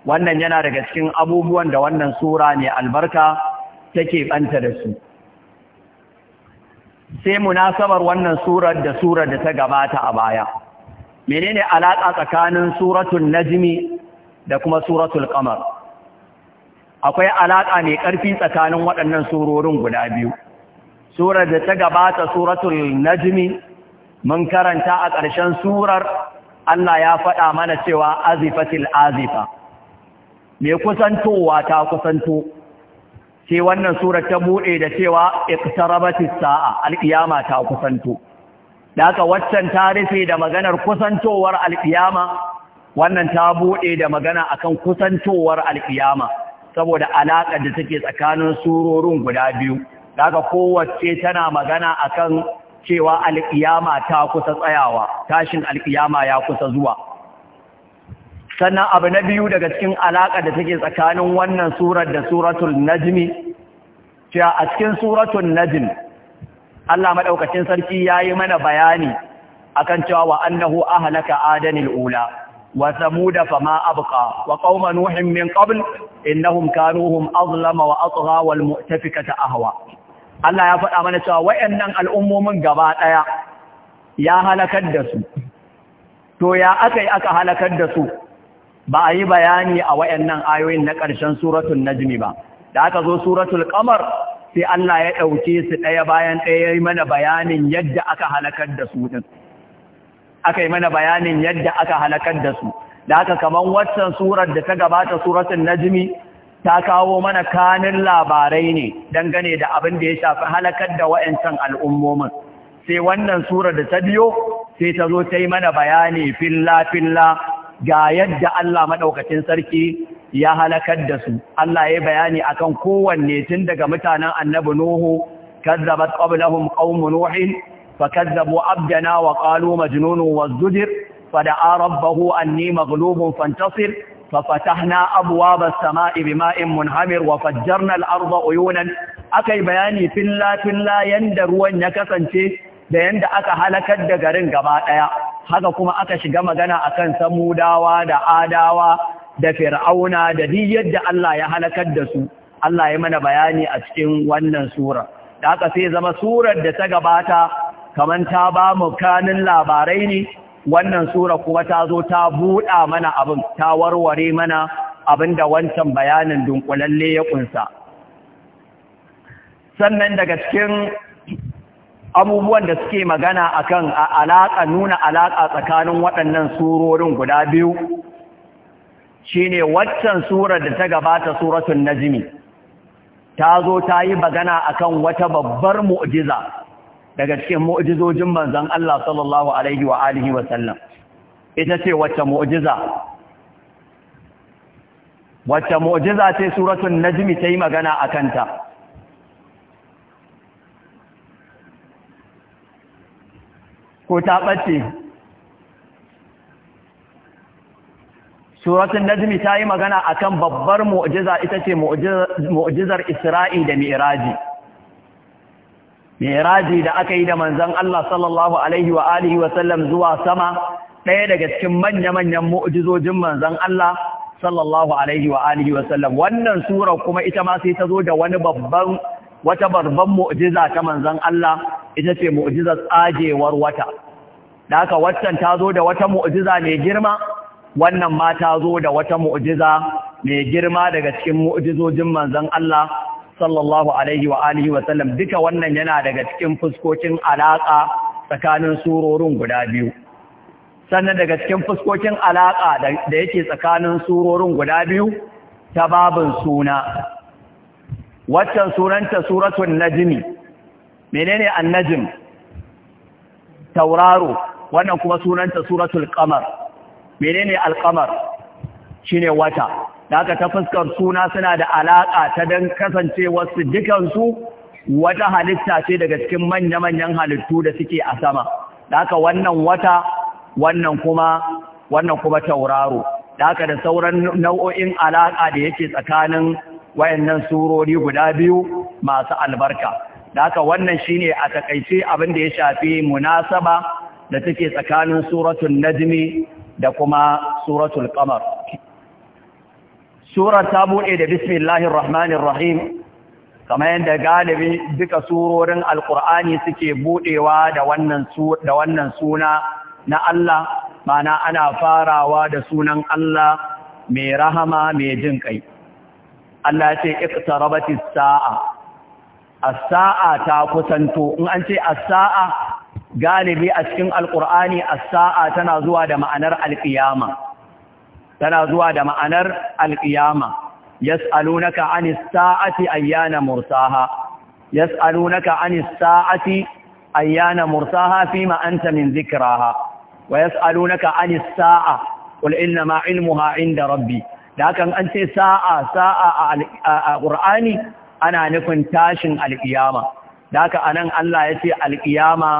[SPEAKER 1] wannan yana daga cikin abubuwan da wannan sura ne albarka take banta da su sai munasabar wannan surar da surar da ta gabata a baya menene alaƙa tsakanin suratun najmi da kuma suratul qamar akwai alaƙa mai ƙarfi tsakanin waɗannan surorin guda biyu surar da ta gabata suratul najmi mun karanta a ƙarshen surar Allah ya faɗa mana cewa azifatil azifa Me kusantowa ta kusanto sai wannan surar ta buɗe da cewa iqtarabatis sa'a alqiyama ta kusanto daga waccan ta rufe da maganar kusantowar alqiyama wannan ta buɗe da magana akan kusantowar alqiyama saboda alaƙar da take tsakanin surorin guda biyu daga kowace tana magana akan cewa alqiyama ta kusa tsayawa tashin alqiyama ya kusa zuwa sannan abu na biyu daga cikin alaƙa da take tsakanin wannan surar da suratul najmi cewa a cikin suratul najm Allah madaukakin sarki yayi mana bayani akan cewa wa annahu ahlaka adanil ula wa samuda fama abqa wa qauma nuhin min qabl innahum kanu hum azlama wa atgha wal mu'tafikata ahwa Allah ya faɗa mana cewa wayannan al'ummomin gaba daya ya halakar da su to ya akai aka halakar da su ba a yi bayani a wayannan ayoyin na ƙarshen suratul najmi ba da aka zo suratul qamar sai Allah ya ɗauke su ɗaya bayan ɗaya ya yi mana bayanin yadda aka halakar da su ɗin aka yi mana bayanin yadda aka halakar da su da aka kaman waccan surar da ta gabata suratun najmi ta kawo mana kanin labarai ne dangane da abin da ya shafi halakar da wa'ancan al'ummomin sai wannan surar da ta biyo sai ta zo ta yi mana bayani filla-filla ga yadda Allah maɗaukacin sarki ya halakar da su Allah ya bayani akan kowanne tun daga mutanen annabi Nuhu kazzabat qablahum qaum nuhin fakazzabu abdana wa qalu majnunun wazdudir fada'a rabbahu anni maghlubun fantasir ففتحنا أبواب السماء بماء منهمر وفجرنا الأرض عيونا أكي بياني في الله في الله ruwan ya kasance, da yanda aka halakar da garin gaba ɗaya. haka kuma aka shiga magana a akan samudawa da adawa da fir'auna da duk yadda Allah ya halakar da su Allah ya mana bayani a cikin wannan sura da haka sai zama surar da ta gabata kamar ta ba mu kanin labarai ne wannan sura kuma ta zo ta buɗa mana abin ta warware mana abin da wancan bayanin dunkulalle ya ƙunsa. sannan daga cikin abubuwan da suke magana akan alaƙa nuna alaƙa tsakanin waɗannan surorin guda biyu shine waccan surar da ta gabata suratul najmi ta zo ta yi magana akan wata babbar mu'jiza daga cikin mu'jizojin manzon Allah sallallahu alaihi wa alihi wa sallam ita ce wacce mu'jiza
[SPEAKER 2] wacce mu'jiza ce suratul najmi ta yi magana
[SPEAKER 1] kanta. ko ta ɓace suratun najmi ta yi magana a kan babbar mu'ujiza, ita ce mu'ujizar isra'i da mi'raji mi'raji da aka yi da manzon Allah sallallahu alaihi wa alihi wa zuwa sama ɗaya daga cikin manya-manyan mu'ujizojin manzon Allah sallallahu alaihi wa alihi wa wannan sura kuma ita ma sai ta zo da wani babban wata babban mu'jiza ta manzon Allah ita ce mu'jizar tsagewar wata da haka wannan ta zo da wata mu'jiza mai girma wannan ma ta zo da wata mu'jiza mai girma daga cikin mu'jizojin manzon Allah sallallahu alaihi wa alihi wa sallam duka wannan yana daga cikin fuskokin alaka tsakanin surorin guda biyu sannan daga cikin fuskokin alaka da yake tsakanin surorin guda biyu ta babin suna waccan suranta suratun najmi menene annajm tauraro wannan kuma sunanta suratul qamar menene alqamar shine wata da aka ta fuskar suna suna da alaka ta dan kasancewar su dukansu wata halitta ce daga cikin manya-manyan halittu da suke a sama da aka wannan wata wannan kuma wannan kuma tauraro da aka da sauran nau'o'in alaka da yake tsakanin wayannan surori guda biyu masu albarka da wannan shine a takaice abin da ya shafi munasaba da take tsakanin suratul najmi da kuma suratul qamar surar ta bude da bismillahir rahmanir rahim kamar yadda galibi duka surorin alkur'ani suke budewa da wannan da wannan suna na Allah mana ana farawa da sunan Allah mai rahama mai jin kai Allah ce iqtarabatis sa'a as-sa'a ta kusanto in an ce as-sa'a galibi a cikin alqur'ani as-sa'a tana zuwa da ma'anar al-qiyama tana zuwa da ma'anar al-qiyama yas'alunaka 'anis sa'ati ayyana mursaha yas'alunaka 'anis sa'ati ayyana mursaha fima anta min dhikraha wa yas'alunaka 'anis sa'a qul inna ma 'ilmuha 'inda rabbi da haka an ce sa'a sa'a a ƙur'ani ana nufin tashin alkiyama da haka anan Allah ya ce al'iyama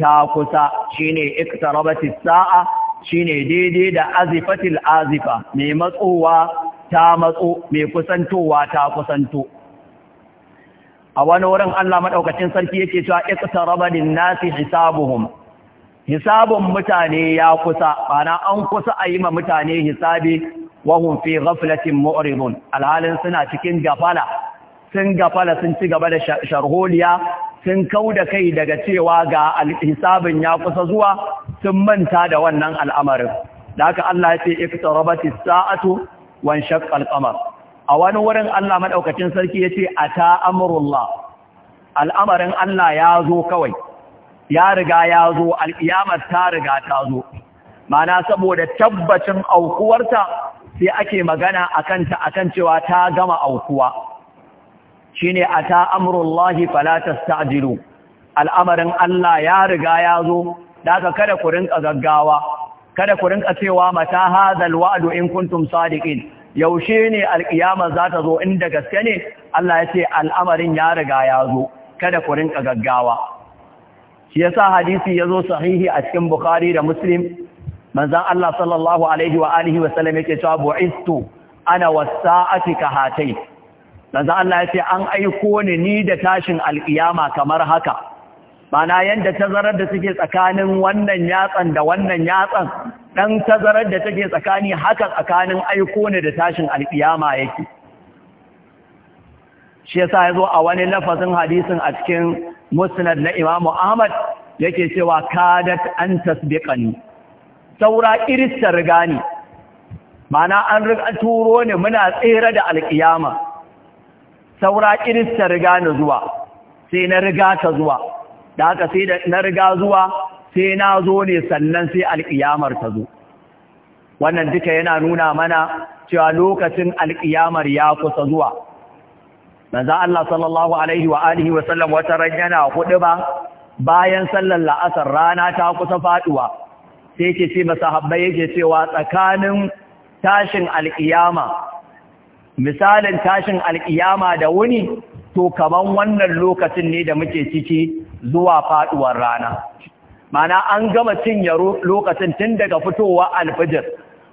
[SPEAKER 1] ta kusa shine iktarabatis sa'a shine daidai da azifatil azifa mai matsowa ta matso mai kusantowa ta kusanto a wani wurin Allah madaukakin sarki yake cewa iqtaraba nasi hisabuhum hisabun mutane ya kusa bana an kusa a yi ma mutane hisabi Wahun fi ghaflatin mu'ridun alhalin suna cikin gafala sun gafala sun ci gaba da sharholiya sun kauda kai daga cewa ga alhisabin ya kusa zuwa sun manta da wannan al'amarin da haka Allah ya ce iqtarabatis sa'atu wan shaqqal qamar a wani wurin Allah madaukakin sarki yace ata amrullah al'amarin Allah ya zo kawai ya riga ya zo alƙiyamar ta riga ta zo mana saboda tabbacin aukuwarta sai ake magana a kanta a cewa ta gama aukuwa shine ata amrullahi ta amurullahi al'amarin Allah ya riga ya zo daga kada ku rinka gaggawa kada ku rinka cewa mata hadal wa'adu in kuntum sadiqin yaushe ne alƙiyama za ta zo inda gaske ne Allah ya ce al'amarin ya riga ya zo kada ku rinka gaggawa shi yasa hadisi ya zo sahihi a cikin Bukhari da Muslim manzan Allah sallallahu alaihi wa alihi wa sallam yake cewa bu'istu ana wasa'ati ka hatai manzan Allah yace an aiko ni ni da tashin alkiyama kamar haka mana yanda tazarar da take tsakanin wannan yatsan da wannan yatsan dan tazarar da take tsakani haka tsakanin aiko ni da tashin alkiyama yake shi yasa yazo a wani lafazin hadisin a cikin musnad na Imam Ahmad yake cewa kadat an tasbiqani saura iris riga ne mana an turo ne muna tsere da alƙiyama saura iris riga ne zuwa sai na riga ta zuwa da haka sai na riga zuwa sai na zo ne sannan sai alƙiyamar ta zo wannan duka yana nuna mana cewa lokacin alƙiyamar ya kusa zuwa manzo Allah sallallahu alaihi wa alihi wa sallam wata ran yana hudu ba bayan sallar la'asar rana ta kusa faduwa sai yake ce masahabbai yake cewa tsakanin tashin al'iyama misalin tashin al'iyama da wuni to kaman wannan lokacin ne da muke ciki zuwa faduwar rana mana an gama cinye lokacin tun daga fitowa alfijir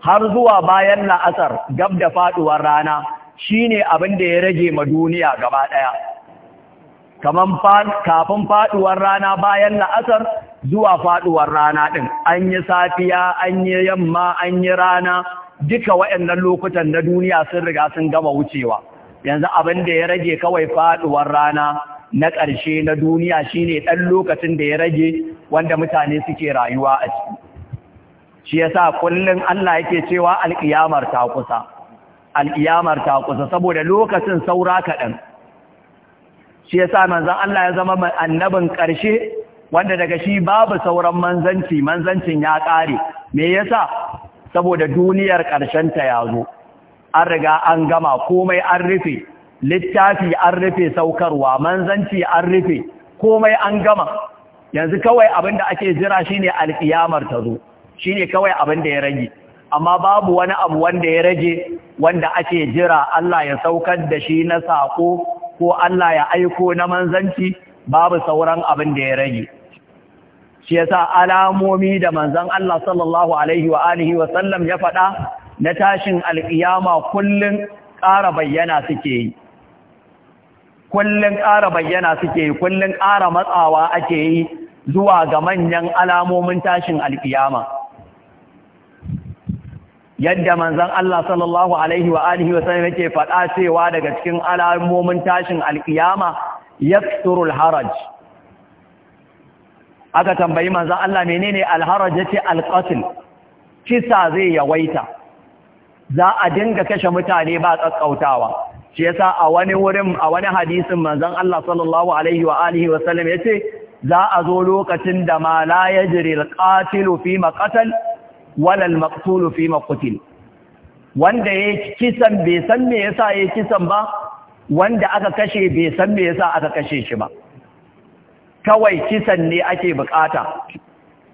[SPEAKER 1] har zuwa bayan la'asar gab da faduwar rana shine abin da ya rage ma duniya gaba ɗaya. kaman kafin faduwar rana bayan la'asar zuwa faduwar rana ɗin an yi safiya an yi yamma an yi rana duka waɗannan lokutan na duniya sun riga sun gama wucewa yanzu abin da ya rage kawai faduwar rana na ƙarshe na duniya shine ɗan lokacin da ya rage wanda mutane suke rayuwa a ciki shi ya sa kullum Allah yake cewa al'iyamar ta kusa al'iyamar ta kusa saboda lokacin saura kaɗan shi ya sa manzan Allah ya zama annabin ƙarshe wanda daga shi babu sauran manzanci manzancin ya ƙare me ya sa? saboda duniyar ƙarshen ta yazo an riga an gama komai an rufe littafi an rufe saukarwa manzanci an rufe komai an gama yanzu kawai abin da ake jira shine alƙiyamar ta zo shine kawai abin ya rage amma babu wani abu wanda ya rage wanda ake jira Allah ya saukar da shi na saƙo ko Allah ya aiko na manzanci babu sauran abin da ya rage shi yasa alamomi da manzan Allah sallallahu alaihi wa alihi wa sallam ya faɗa na tashin alƙiyama kullum ƙara bayyana suke yi Kullum ƙara bayyana suke yi kullun ƙara matsawa ake yi zuwa ga manyan alamomin tashin alƙiyama yadda manzan Allah sallallahu alaihi wa'alihi wa sallam yake faɗa cewa daga cikin alamomin tashin alkiyama yaksurul haraj aka tambayi manzon Allah menene alharaj yace alqatl kisa zai yawaita za a dinga kashe mutane ba tsakautawa shi yasa a wani wurin a wani hadisin manzan Allah sallallahu alaihi wa wa sallam yace za a zo lokacin da ma la yajri alqatilu fi maƙatal walal maqtulu fi qutil wanda ya kisan bai san me yasa ya kisan ba wanda aka kashe bai san me yasa aka kashe shi ba kawai kisan ne ake bukata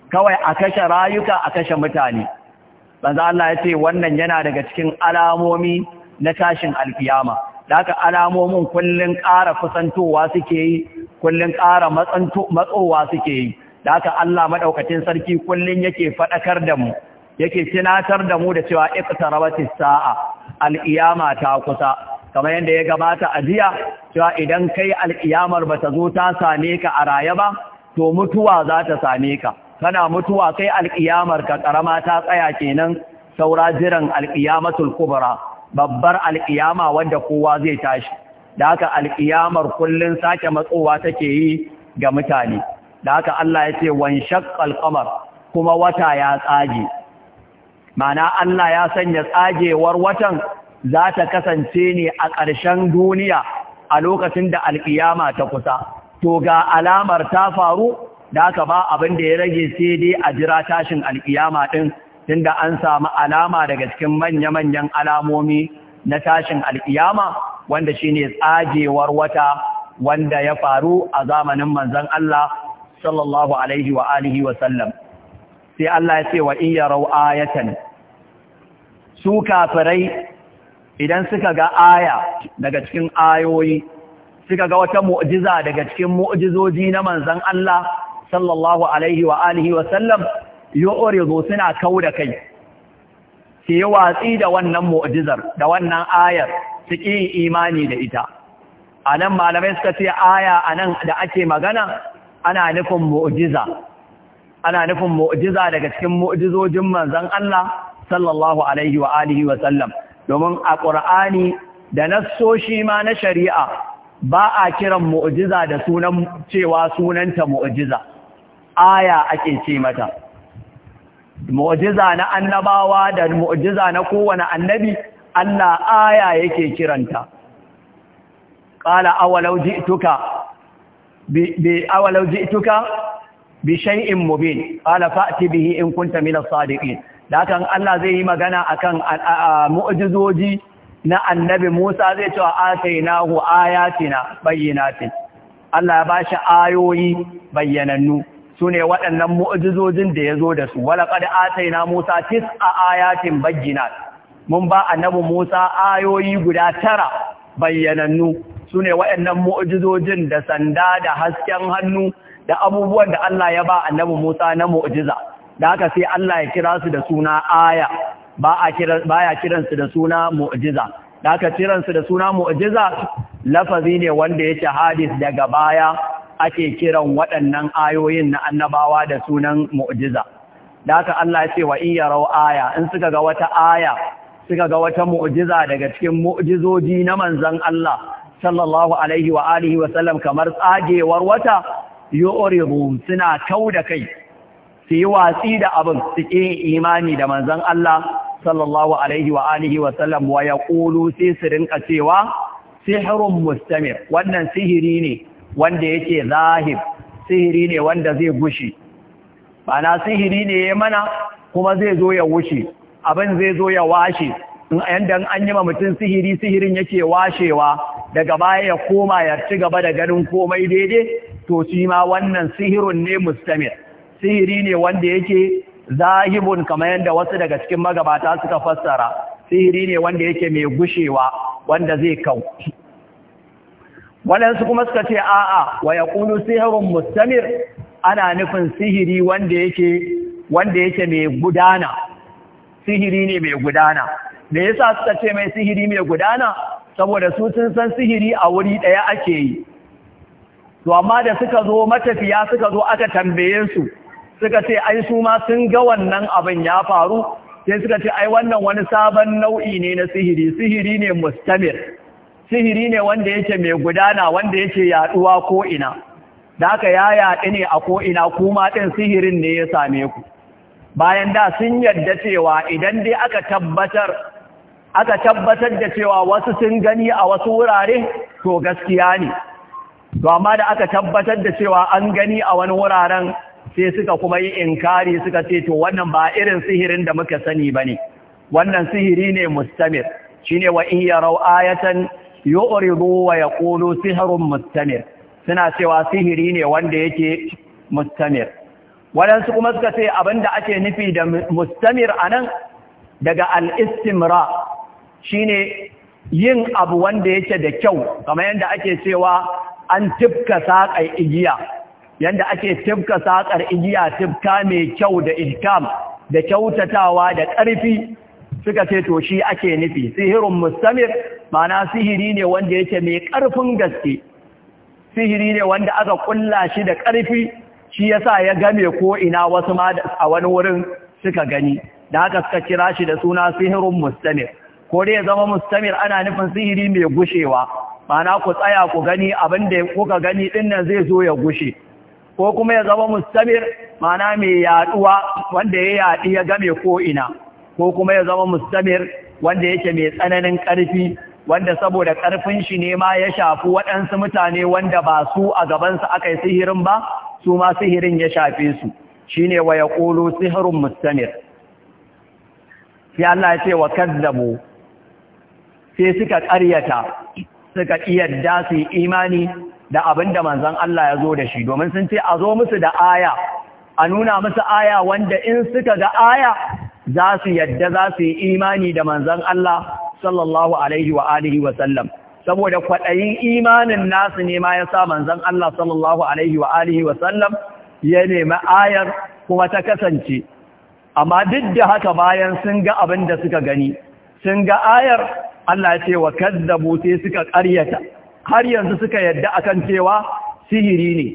[SPEAKER 1] kawai a kashe rayuka a kashe mutane banza Allah ya ce wannan yana daga cikin alamomi na tashin alkiyama da alamomin kullun ƙara kusantowa suke yi kullun ƙara matsowa suke yi da Allah madaukakin sarki kullun yake fadakar da mu yake tunatar da mu da cewa iqtarabatis sa'a al-qiyama ta kusa kamar yadda ya gabata a jiya cewa idan kai al'iyamar ba ta zo ta same ka a raye ba to mutuwa za ta same ka kana mutuwa kai al'iyamar ka karama ta tsaya kenan saura jiran al'iyamatul kubra babbar al'iyama wanda kowa zai tashi da haka al'iyamar kullun sake matsowa take yi ga mutane da haka Allah ya ce wan shaqqal qamar kuma wata ya tsage Ma'ana Allah ya sanya tsagewar watan za ta kasance ne a ƙarshen duniya a lokacin da alƙiyama ta kusa to ga alamar ta faru da aka ba abin da ya rage sai dai a jira tashin alƙiyama ɗin tunda an samu alama daga cikin manya-manyan alamomi na tashin alƙiyama wanda shi ne tsagewar wata wanda ya faru a zamanin manzon Allah sallallahu alaihi wa alihi wa sai Allah ya ce wa in yarau ayatan su kafirai idan suka ga aya daga cikin ayoyi suka ga wata mu'jiza daga cikin mu'jizoji na manzon Allah sallallahu alaihi wa alihi wa sallam yu'ridu suna kauda kai sai yi watsi da wannan mu'jizar da wannan ayar su ƙi imani da ita a malamai suka ce aya anan da ake magana ana nufin mu'jiza ana nufin mu'jiza daga cikin mu'jizojin manzon Allah sallallahu alaihi wa alihi wa sallam domin a Qur'ani da nassoshi ma na shari'a ba a kiran mu'jiza da sunan cewa sunanta mu'jiza aya ake ce mata mu'jiza na annabawa da mu'jiza na kowane annabi Allah aya yake kiranta qala awalau ji'tuka bi ji'tuka bi shay'in mubin qala fa'ti bihi in kunta min as-sadiqin da Allah zai yi magana akan mu'jizoji na annabi Musa zai ce hu ayatina bayyinatin Allah ya bashi ayoyi bayyanannu sune waɗannan mu'jizojin da yazo da su qad ataina Musa tis'a ayatin bayyinat mun ba annabi Musa ayoyi guda tara bayyanannu sune waɗannan mu'ujizojin da sanda da hasken hannu da abubuwan da Allah ya ba annabi Musa na mu'jiza da haka sai Allah ya kira su da suna aya ba a kira ya kiran su da suna mu'jiza da haka kiran su da suna mu'jiza lafazi ne wanda yake hadis daga baya ake kiran waɗannan ayoyin na annabawa da sunan mu'jiza da haka Allah ya ce wa in yarau aya in suka ga wata aya suka ga wata mu'jiza daga cikin mu'jizoji na manzon Allah sallallahu alaihi wa alihi wa sallam kamar tsagewar wata yu'ridu suna kauda kai su yi watsi da abin su yin imani da manzon Allah sallallahu alaihi wa alihi wa sallam wa yaqulu sai su rinka cewa sihrun mustamir wannan sihiri ne wanda yake zahir sihiri ne wanda zai gushi bana sihiri ne ya mana kuma zai zo ya wushe abin zai zo ya washe yanda an yi ma mutum sihiri sihirin yake washewa daga baya ya koma ya ci gaba da ganin komai daidai to shi ma wannan sihirun ne mustamir sihiri ne wanda yake zahibun kamar yadda wasu daga cikin magabata suka fassara sihiri ne wanda yake mai gushewa wanda zai kau waɗansu kuma suka ce a'a wa ya ƙunu sihirun mustamir ana nufin sihiri wanda yake wanda yake mai gudana sihiri ne mai gudana me yasa suka ce mai sihiri mai gudana saboda su sun san sihiri a wuri ɗaya ake yi to amma da suka zo matafiya suka zo aka tambaye su suka ce ai su ma sun ga wannan abin ya faru sai suka ce ai wannan wani sabon nau'i ne na sihiri sihiri ne mustamir sihiri ne wanda yake mai gudana wanda yake yaduwa ko ina da haka ya yaɗe ne a ko ina kuma ɗin sihirin ne ya same ku bayan da sun yadda cewa idan dai aka tabbatar aka tabbatar da cewa wasu sun gani a wasu wurare to gaskiya ne to amma da aka tabbatar da cewa an gani a wani wuraren sai suka kuma yi inkari suka ce to wannan ba irin sihirin da muka sani ba ne. wannan sihiri ne mustamir shi ne wa iya rau ayatan ruwa wa kolo, Sihirin mustamir suna cewa sihiri ne wanda yake mustamir wadansu kuma suka ce da ake nufi da mustamir a nan daga al'istimra istimra shine yin abu wanda yake da kyau kamar yadda ake cewa an tifka saƙar igiya Yadda ake tifka saƙar igiya tifka mai kyau da itam da kyautatawa da ƙarfi suka ce to shi ake nufi Sihirin mustamir mana sihiri ne wanda yake mai ƙarfin gaske sihiri ne wanda aka ƙulla shi da ƙarfi shi yasa ya game ko ina wasu ma a wani wurin suka gani da haka suka kira shi da suna sihirin mustamir ko dai ya zama mustamir ana nufin sihiri mai gushewa mana ku tsaya ku gani abin da kuka gani dinnan zai zo ya gushe ko kuma ya zama mustamir mana mai yaduwa wanda ya yadi ya game ko ina ko kuma ya zama mustamir wanda yake mai tsananin ƙarfi, wanda saboda ƙarfin shi ne ma ya shafi waɗansu mutane wanda ba su a su aka yi sihirin ba su ma sihirin ya shafe su shine wa kolo sihirin mustamir sai Allah ya ce wa kazzabu sai suka ƙaryata suka iyadda su yi imani da abin da manzon Allah ya zo da shi domin sun ce a zo musu da aya a nuna musu aya wanda in suka ga aya za su yadda za su yi imani da manzan Allah sallallahu alaihi wa alihi wa sallam saboda kwaɗayin imanin nasu ne ma ya sa manzan Allah sallallahu alaihi wa alihi wa sallam ya nemi ayar kuma ta kasance amma duk da haka bayan sun ga abin da suka gani sun ga ayar Allah ya ce wa kadzabu sai suka ƙaryata har yanzu suka yadda akan cewa sihiri ne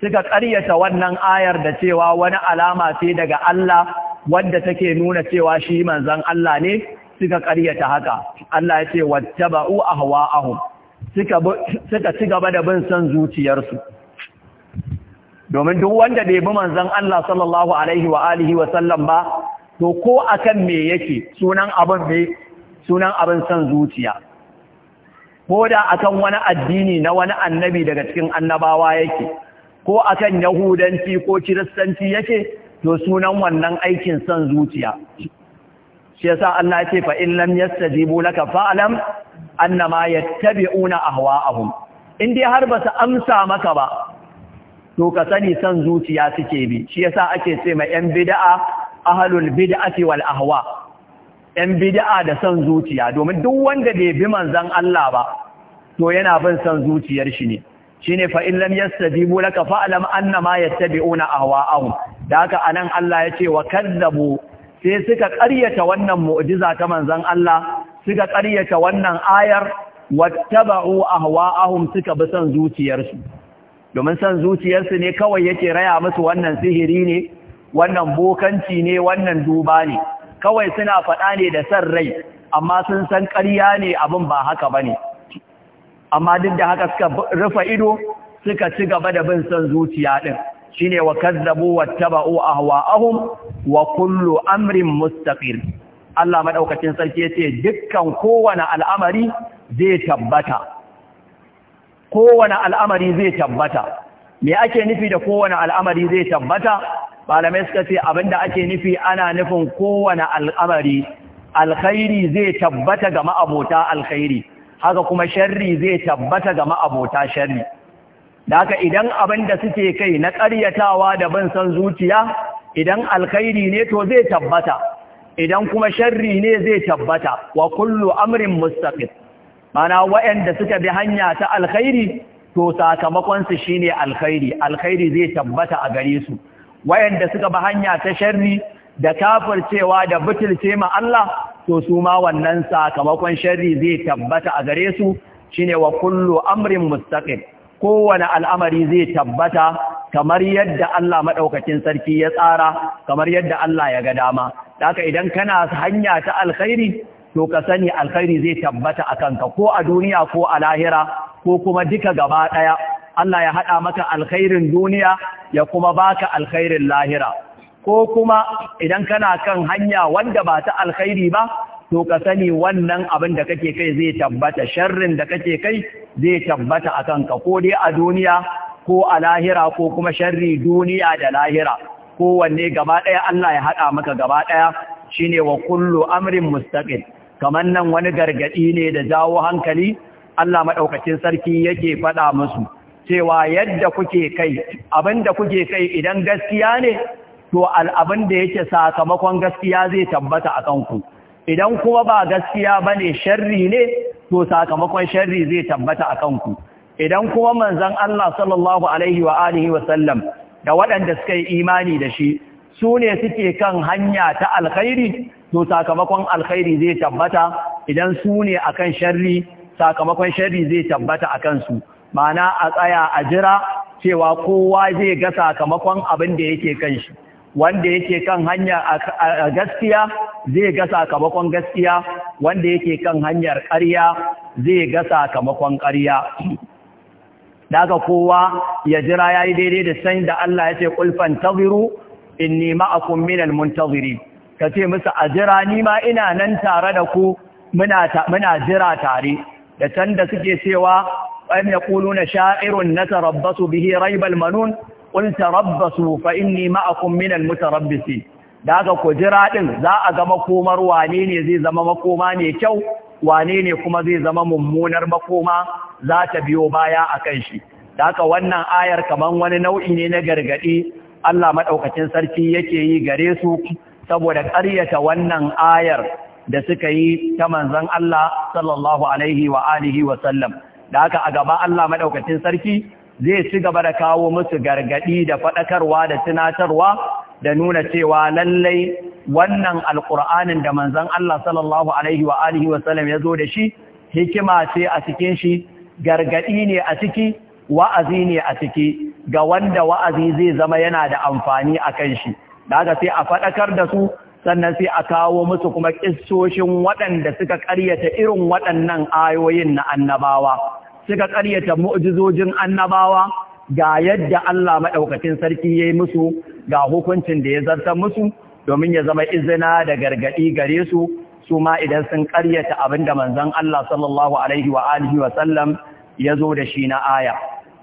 [SPEAKER 1] suka ƙaryata wannan ayar da cewa wani alama ce daga Allah wanda take nuna cewa shi manzon Allah ne suka ƙaryata haka Allah ya ce wattaba'u ahwa'ahum suka suka ci gaba da bin son zuciyarsu domin duk wanda bai bi manzon Allah sallallahu alaihi wa alihi wa sallam ba to ko akan me yake sunan abin bai sunan abin san zuciya ko da akan wani addini na wani annabi daga cikin annabawa yake ko akan yahudanci ko kiristanci yake to sunan wannan aikin san zuciya shi yasa Allah ya ce fa in lam yastajibu laka alam annama yattabi'una ahwa'ahum in dai har ba su amsa maka ba to ka sani son zuciya suke bi shi yasa ake ce ma yan bid'a ahlul bid'ati wal ahwa' ‘yan bida'a da son zuciya domin duk wanda bai bi manzan Allah ba to yana bin son zuciyar shi ne shi ne fa'in lam yasta jibu laka fa'alam annama yasta bi'una a hawa'ahun da aka a nan Allah ya ce wa kazzabu sai suka ƙaryata wannan mu'ujiza ta manzan Allah suka ƙaryata wannan ayar a ahwa'ahum suka bi son zuciyarsu domin son zuciyarsu ne kawai yake raya musu wannan sihiri ne wannan bokanci ne wannan duba ne kawai suna faɗa ne da san rai amma sun san ƙarya ne abin ba haka ba ne amma duk da haka suka rufe ido suka ci gaba da bin son zuciya ɗin shi ne wa kazzabu wa taba'u a ahun wa kullu amrin mustaqir Allah maɗaukacin sarki ya ce dukkan kowane al'amari zai tabbata kowane al'amari zai tabbata me ake nufi da kowane al'amari zai tabbata malamai suka ce abinda ake nufi ana nufin kowane al'amari alkhairi zai tabbata ga ma'abota alkhairi haka kuma sharri zai tabbata ga ma'abota sharri da haka idan abinda suke kai na ƙaryatawa da bin san zuciya idan alkhairi ne to zai tabbata idan kuma sharri ne zai tabbata wa kullu amrin mustaqim mana waɗanda suka bi hanya ta alkhairi to sakamakonsu shine alkhairi alkhairi zai tabbata a gare su wayanda suka ba hanya ta sharri da cewa da butulce ma Allah to su ma wannan sakamakon sharri zai tabbata a gare su shine wa kullu amrin mustaqim kowane al'amari zai tabbata kamar yadda Allah madaukakin sarki ya tsara kamar yadda Allah ya ga dama haka idan kana hanya ta alkhairi to ka sani alkhairi zai tabbata a kanka ko a duniya ko a lahira ko kuma duka gaba daya Allah ya haɗa maka alkhairin duniya ya kuma baka alkhairin lahira ko kuma idan kana kan hanya wanda ba ta alkhairi ba to ka sani wannan abin da kake kai zai tabbata sharrin da kake kai zai tabbata a kanka ko dai a duniya ko a lahira ko kuma sharri duniya da lahira kowanne gaba ɗaya Allah ya haɗa maka gaba ɗaya shine wa kullu amrin mustaqil kamar nan wani gargaɗi ne da jawo hankali Allah maɗaukacin sarki yake faɗa musu cewa yadda kuke kai abinda kuke kai idan gaskiya ne to al'abin da yake sakamakon gaskiya zai tabbata a kanku idan kuma ba gaskiya ba ne sharri ne to sakamakon sharri zai tabbata a kanku idan kuma manzan Allah sallallahu alaihi wa alihi da waɗanda suka yi imani da shi su ne suke kan hanya ta alkhairi to sakamakon alkhairi zai tabbata idan su ne akan sharri sakamakon sharri zai tabbata a kansu ma'ana a tsaya a jira cewa kowa zai ga sakamakon abin da yake kan shi wanda yake kan hanyar gaskiya zai ga sakamakon gaskiya wanda yake kan hanyar ƙarya zai ga sakamakon ƙarya daga kowa ya jira yayi daidai da san da Allah ya ce kulfan taziru inni ma'akum minal ka kace musu a jira ni ma ina nan tare da ku muna muna jira tare da can da suke cewa وأن يقولون شاعر نتربص به ريب المنون قل تربصوا فإني معكم من المتربصين da ku jira ɗin za a ga makomar wane ne zai zama makoma ne kyau wane ne kuma zai zama mummunar makoma za ta biyo baya a kan shi da wannan ayar kamar wani nau'i ne na gargaɗi Allah maɗaukacin sarki yake yi gare su saboda ƙaryata wannan ayar da suka yi ta manzon Allah sallallahu alaihi wa alihi wa sallam da haka a gaba Allah maɗaukacin sarki zai ci gaba da kawo musu gargadi da faɗakarwa da tunatarwa da nuna cewa lallai wannan alƙur'anin da manzon Allah sallallahu alaihi wa alihi ya zo da shi hikima ce a cikin shi gargadi ne a ciki wa'azi ne a ciki ga wanda wa'azi zai zama yana da amfani a kan shi da haka sai a faɗakar da su sannan sai a kawo musu kuma kistoshin waɗanda suka ƙaryata irin waɗannan ayoyin na annabawa suka ƙaryata mu'jizojin annabawa ga yadda Allah maɗaukacin sarki ya yi musu ga hukuncin da ya zarta musu domin ya zama izina da gargaɗi gare su su ma idan sun ƙaryata abin da manzon Allah sallallahu alaihi wa alihi wa sallam ya zo da shi na aya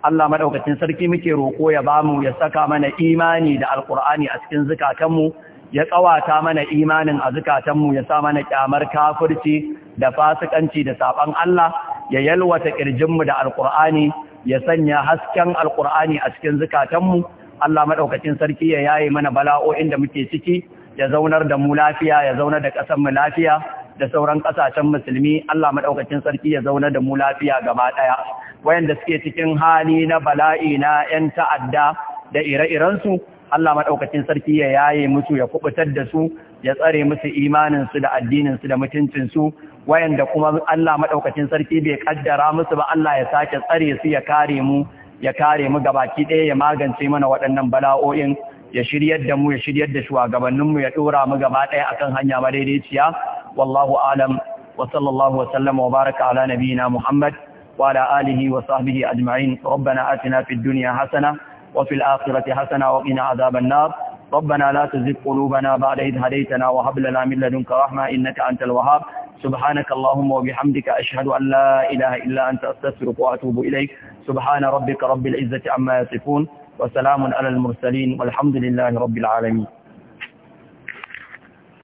[SPEAKER 1] Allah maɗaukacin sarki muke roƙo ya bamu ya saka mana imani da alƙur'ani a cikin zukatanmu ya ƙawata mana imanin a zukatanmu ya sa mana kyamar kafirci da fasikanci da saɓan Allah ya yalwata ƙirjinmu da Alkur'ani, ya sanya hasken alƙur'ani a cikin zukatanmu Allah maɗaukacin sarki ya yaye mana bala'o'in da muke ciki ya zaunar da mu lafiya ya zaunar da ƙasarmu lafiya da sauran ƙasashen musulmi Allah maɗaukacin sarki ya zaunar da mu lafiya gaba ɗaya wayanda suke cikin hali na bala'i na 'yan ta'adda da ire-irensu Allah maɗaukacin sarki ya yaye musu ya kubutar da su ya tsare musu imaninsu da addininsu da mutuncinsu wayanda kuma Allah maɗaukacin sarki bai ƙaddara musu ba Allah ya sake tsare su ya kare mu ya kare mu gabaki ɗaya ya magance mana waɗannan bala'o'in ya shiryar da mu ya shiryar da shugabanninmu ya ɗora mu gaba ɗaya akan hanya madaidaiciya wallahu alam wa sallallahu wa wa baraka ala nabiyina Muhammad wa ala alihi wa sahbihi ajma'in rabbana atina fid dunya hasana وفي الآخرة حسنة وقنا عذاب النار ربنا لا تزغ قلوبنا بعد إذ هديتنا وهب لنا من لدنك رحمة إنك أنت الوهاب سبحانك اللهم وبحمدك أشهد أن لا إله إلا أنت أستغفرك وأتوب إليك سبحان ربك رب العزة عما يصفون وسلام على المرسلين والحمد لله رب العالمين